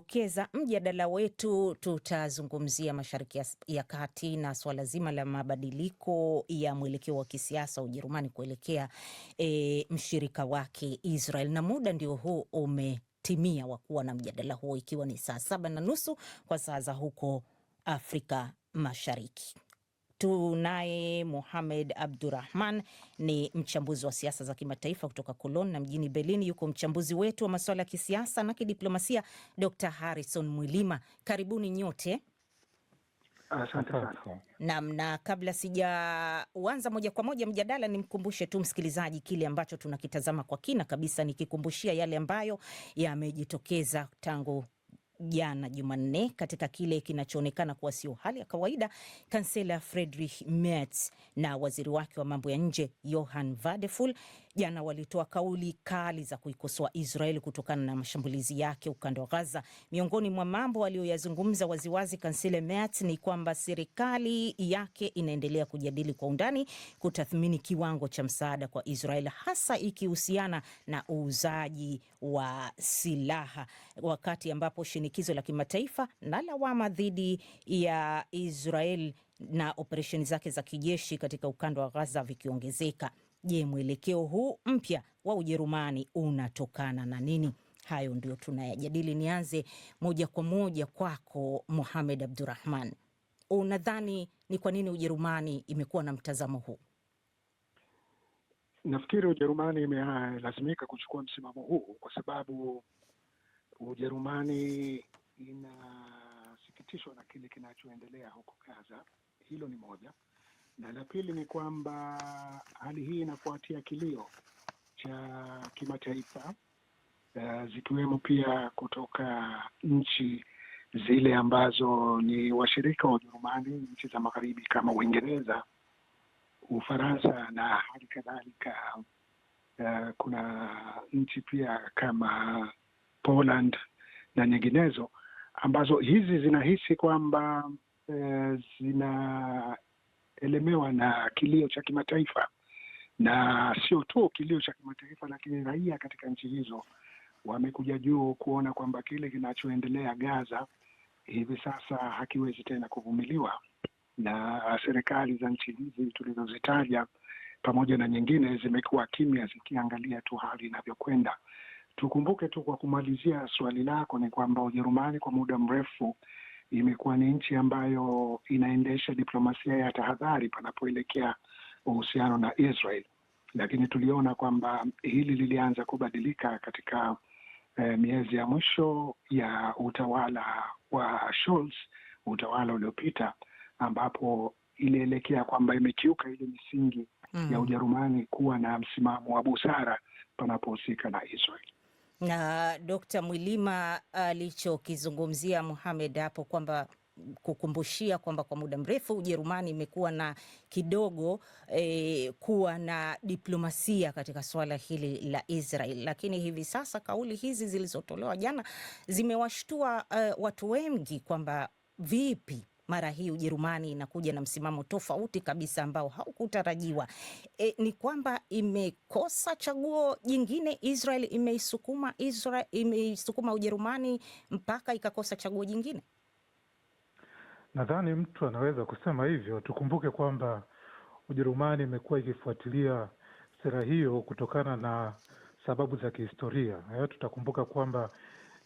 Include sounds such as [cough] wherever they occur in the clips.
kujitokeza. mjadala wetu tutazungumzia Mashariki ya Kati na suala zima la mabadiliko ya mwelekeo wa kisiasa Ujerumani kuelekea e, mshirika wake Israel, na muda ndio huu umetimia wa kuwa na mjadala huo, ikiwa ni saa saba na nusu kwa saa za huko Afrika Mashariki. Tunaye Muhamed Abdurahman, ni mchambuzi wa siasa za kimataifa kutoka Cologne na mjini Berlin yuko mchambuzi wetu wa masuala ya kisiasa na kidiplomasia Dr Harrison Mwilima. Karibuni nyote. nam Naam, na kabla sijaanza moja kwa moja mjadala, nimkumbushe tu msikilizaji kile ambacho tunakitazama kwa kina kabisa, nikikumbushia yale ambayo yamejitokeza tangu jana Jumanne katika kile kinachoonekana kuwa sio hali ya kawaida. Kansela Friedrich Merz na waziri wake wa mambo ya nje Johann Wadephul jana walitoa kauli kali za kuikosoa Israeli kutokana na mashambulizi yake ukanda wa Gaza. Miongoni mwa mambo aliyoyazungumza waziwazi Kansile Merz ni kwamba serikali yake inaendelea kujadili kwa undani kutathmini kiwango cha msaada kwa Israeli, hasa ikihusiana na uuzaji wa silaha, wakati ambapo shinikizo la kimataifa na lawama dhidi ya Israel na operesheni zake za kijeshi katika ukanda wa Gaza vikiongezeka. Je, mwelekeo huu mpya wa Ujerumani unatokana na nini? Hayo ndio tunayajadili. Nianze moja kwa moja kwako Mohamed Abdurahman, unadhani ni kwa nini Ujerumani imekuwa na mtazamo huu? Nafikiri Ujerumani imelazimika kuchukua msimamo huu kwa sababu Ujerumani inasikitishwa na kile kinachoendelea huko Gaza. Hilo ni moja na la pili ni kwamba hali hii inafuatia kilio cha kimataifa eh, zikiwemo pia kutoka nchi zile ambazo ni washirika wa Ujerumani, nchi za magharibi kama Uingereza, Ufaransa na hali kadhalika. Uh, kuna nchi pia kama Poland na nyinginezo ambazo hizi zinahisi kwamba uh, zina elemewa na kilio cha kimataifa, na sio tu kilio cha kimataifa, lakini raia katika nchi hizo wamekuja juu kuona kwamba kile kinachoendelea Gaza hivi sasa hakiwezi tena kuvumiliwa, na serikali za nchi hizi tulizozitaja pamoja na nyingine zimekuwa kimya zikiangalia tu hali inavyokwenda. Tukumbuke tu, kwa kumalizia swali lako, ni kwamba Ujerumani kwa muda mrefu imekuwa ni nchi ambayo inaendesha diplomasia ya tahadhari panapoelekea uhusiano na Israel, lakini tuliona kwamba hili lilianza kubadilika katika eh, miezi ya mwisho ya utawala wa Scholz, utawala uliopita ambapo ilielekea kwamba imekiuka ile misingi mm, ya Ujerumani kuwa na msimamo wa busara panapohusika na Israel na Dkt. Mwilima alichokizungumzia muhamed hapo kwamba kukumbushia kwamba kwa muda mrefu Ujerumani imekuwa na kidogo e, kuwa na diplomasia katika suala hili la Israel, lakini hivi sasa kauli hizi zilizotolewa jana zimewashtua uh, watu wengi kwamba vipi mara hii Ujerumani inakuja na msimamo tofauti kabisa ambao haukutarajiwa. E, ni kwamba imekosa chaguo jingine Israel, imeisukuma Israel, imeisukuma Ujerumani mpaka ikakosa chaguo jingine. Nadhani mtu anaweza kusema hivyo. Tukumbuke kwamba Ujerumani imekuwa ikifuatilia sera hiyo kutokana na sababu za kihistoria. ayo eh, tutakumbuka kwamba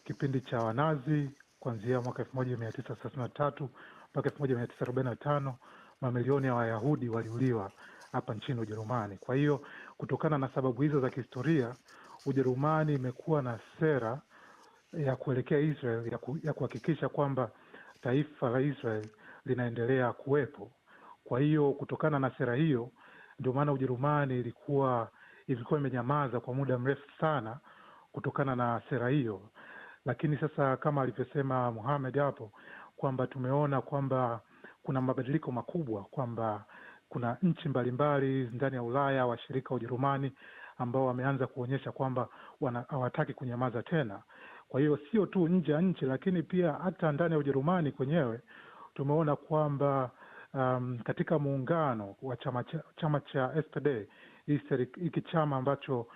kipindi cha Wanazi kuanzia mwaka elfu moja mia tisa thelathini na tatu mpaka elfu moja mia tisa arobaini na tano mamilioni ya Wayahudi waliuliwa hapa nchini Ujerumani. Kwa hiyo kutokana na sababu hizo za kihistoria, Ujerumani imekuwa na sera ya kuelekea Israel ya kuhakikisha kwamba taifa la Israel linaendelea kuwepo. Kwa hiyo kutokana na sera hiyo, ndio maana Ujerumani ilikuwa ilikuwa imenyamaza kwa muda mrefu sana kutokana na sera hiyo, lakini sasa kama alivyosema Muhamed hapo kwamba tumeona kwamba kuna mabadiliko makubwa, kwamba kuna nchi mbalimbali ndani ya Ulaya, washirika wa Ujerumani ambao wameanza kuonyesha kwamba hawataki kunyamaza tena. Kwa hiyo sio tu nje ya nchi, lakini pia hata ndani ya Ujerumani kwenyewe tumeona kwamba um, katika muungano wa chama cha, chama cha SPD hiki chama ambacho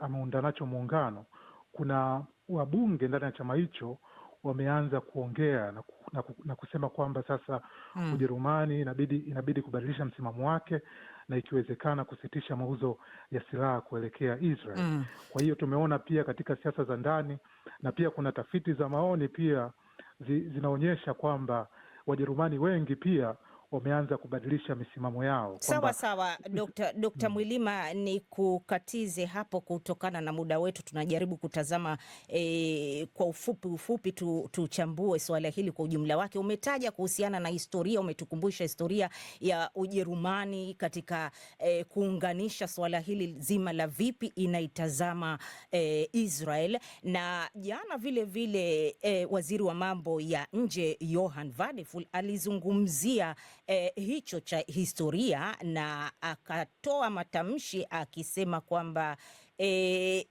ameunda nacho muungano, kuna wabunge ndani ya chama hicho wameanza kuongea na, na, na kusema kwamba sasa mm. Ujerumani inabidi inabidi kubadilisha msimamo wake na ikiwezekana kusitisha mauzo ya silaha kuelekea Israel mm. Kwa hiyo tumeona pia katika siasa za ndani na pia kuna tafiti za maoni pia zi, zinaonyesha kwamba Wajerumani wengi pia wameanza kubadilisha misimamo yao. Sawa sawa, Dr. [laughs] Dr. Hmm. Mwilima, ni kukatize hapo kutokana na muda wetu, tunajaribu kutazama e, kwa ufupi ufupi tu, tuchambue suala hili kwa ujumla wake. Umetaja kuhusiana na historia, umetukumbusha historia ya Ujerumani katika e, kuunganisha suala hili zima la vipi inaitazama e, Israel na jana vile vile e, waziri wa mambo ya nje yohan Wadephul alizungumzia eh, hicho cha historia na akatoa matamshi akisema kwamba eh,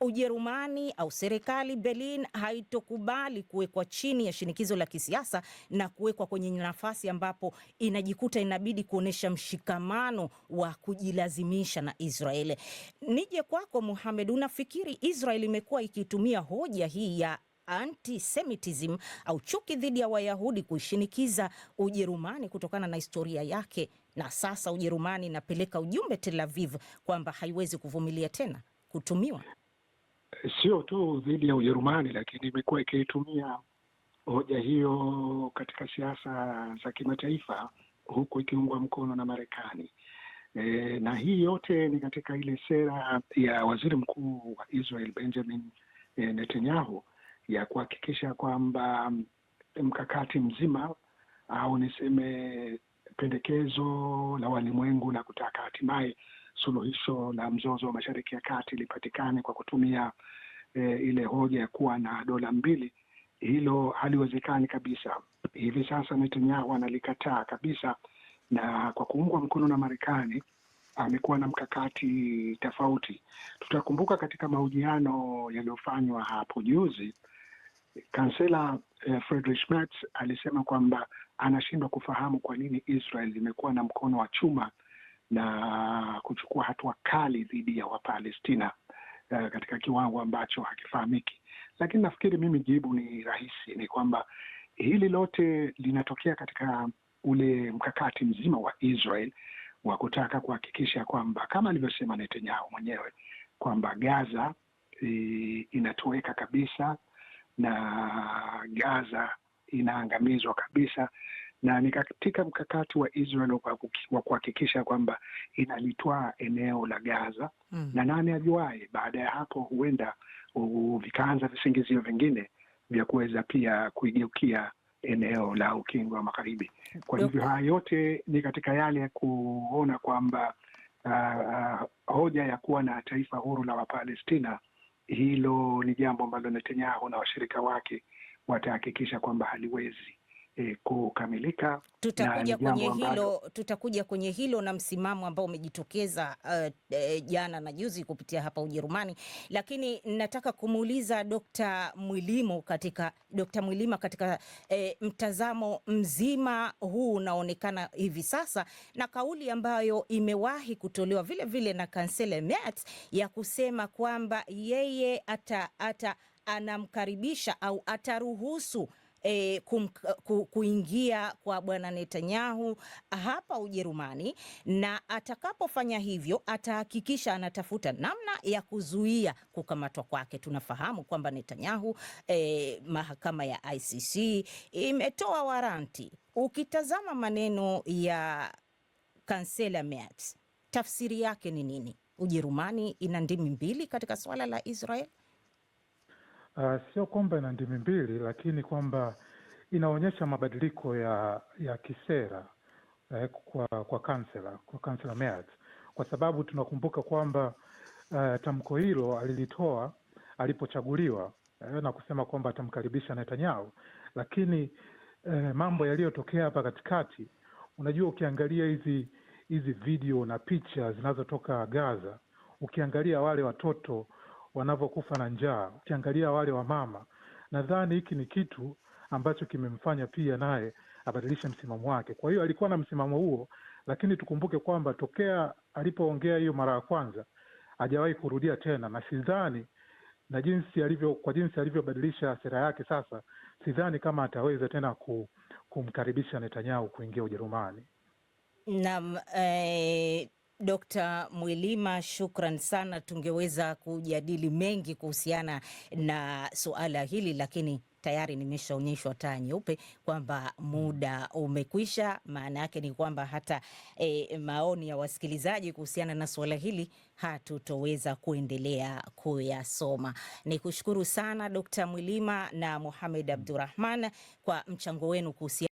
Ujerumani au serikali Berlin haitokubali kuwekwa chini ya shinikizo la kisiasa na kuwekwa kwenye nafasi ambapo inajikuta inabidi kuonesha mshikamano wa kujilazimisha na Israeli. Nije kwako Mohamed, unafikiri Israeli imekuwa ikitumia hoja hii ya antisemitism au chuki dhidi ya Wayahudi kuishinikiza Ujerumani kutokana na historia yake, na sasa Ujerumani inapeleka ujumbe Tel Aviv kwamba haiwezi kuvumilia tena kutumiwa sio tu dhidi ya Ujerumani, lakini imekuwa ikiitumia hoja hiyo katika siasa za kimataifa huku ikiungwa mkono na Marekani. E, na hii yote ni katika ile sera ya waziri mkuu wa Israel Benjamin e, Netanyahu ya kuhakikisha kwamba mm, mkakati mzima au niseme pendekezo la walimwengu la kutaka hatimaye suluhisho la mzozo wa Mashariki ya Kati lipatikane kwa kutumia e, ile hoja ya kuwa na dola mbili, hilo haliwezekani kabisa. Hivi sasa Netanyahu analikataa kabisa, na kwa kuungwa mkono na Marekani amekuwa na mkakati tofauti. Tutakumbuka katika mahojiano yaliyofanywa hapo juzi Kansela eh, Friedrich Merz alisema kwamba anashindwa kufahamu kwa nini Israel imekuwa na mkono wa chuma na kuchukua hatua kali dhidi ya Wapalestina eh, katika kiwango ambacho hakifahamiki. Lakini nafikiri mimi jibu ni rahisi, ni kwamba hili lote linatokea katika ule mkakati mzima wa Israel wa kutaka kuhakikisha kwamba kama alivyosema Netanyahu mwenyewe kwamba Gaza e, inatoweka kabisa na Gaza inaangamizwa kabisa, na ni katika mkakati wa Israel wa kuhakikisha kwamba inalitwaa eneo la Gaza mm. na nani ajuae, baada ya hapo huenda vikaanza visingizio vingine vya kuweza pia kuigeukia eneo la ukingo wa magharibi. Kwa hivyo haya yote ni katika yale ya kuona kwamba uh, uh, hoja ya kuwa na taifa huru la Wapalestina hilo ni jambo ambalo Netanyahu na washirika wake watahakikisha kwamba haliwezi e, kukamilika. Tutakuja kwenye hilo, tutakuja kwenye hilo na msimamo ambao umejitokeza uh, e, jana na juzi kupitia hapa Ujerumani, lakini nataka kumuuliza Dr. Mwilimo katika Dr. Mwilima katika e, mtazamo mzima huu unaonekana hivi sasa na kauli ambayo imewahi kutolewa vile vile na Kansela Merz ya kusema kwamba yeye ata, ata anamkaribisha au ataruhusu e, kum, ku, kuingia kwa bwana Netanyahu hapa Ujerumani, na atakapofanya hivyo atahakikisha anatafuta namna ya kuzuia kukamatwa kwake. Tunafahamu kwamba Netanyahu e, mahakama ya ICC imetoa waranti. Ukitazama maneno ya kansela Merz, tafsiri yake ni nini? Ujerumani ina ndimi mbili katika swala la Israel uh, sio kwamba ina ndimi mbili, lakini kwamba inaonyesha mabadiliko ya ya kisera eh, kwa kwa kansela kwa kansela Merz, kwa sababu tunakumbuka kwamba uh, tamko hilo alilitoa alipochaguliwa eh, na kusema kwamba atamkaribisha Netanyahu, lakini eh, mambo yaliyotokea hapa katikati, unajua ukiangalia hizi hizi video na picha zinazotoka Gaza, ukiangalia wale watoto wanavyokufa na njaa. Ukiangalia wale wa mama nadhani hiki ni kitu ambacho kimemfanya pia naye abadilishe msimamo wake. Kwa hiyo alikuwa na msimamo huo, lakini tukumbuke kwamba tokea alipoongea hiyo mara ya kwanza hajawahi kurudia tena, na sidhani na jinsi alivyo, kwa jinsi alivyobadilisha sera yake sasa, sidhani kama ataweza tena ku, kumkaribisha Netanyahu kuingia Ujerumani. Naam, eh, Dkt. Mwilima, shukran sana. Tungeweza kujadili mengi kuhusiana na suala hili, lakini tayari nimeshaonyeshwa taa nyeupe kwamba muda umekwisha. Maana yake ni kwamba hata e, maoni ya wasikilizaji kuhusiana na suala hili hatutoweza kuendelea kuyasoma. Ni kushukuru sana Dkt. Mwilima na muhamed Abdurahman kwa mchango wenu kuhusiana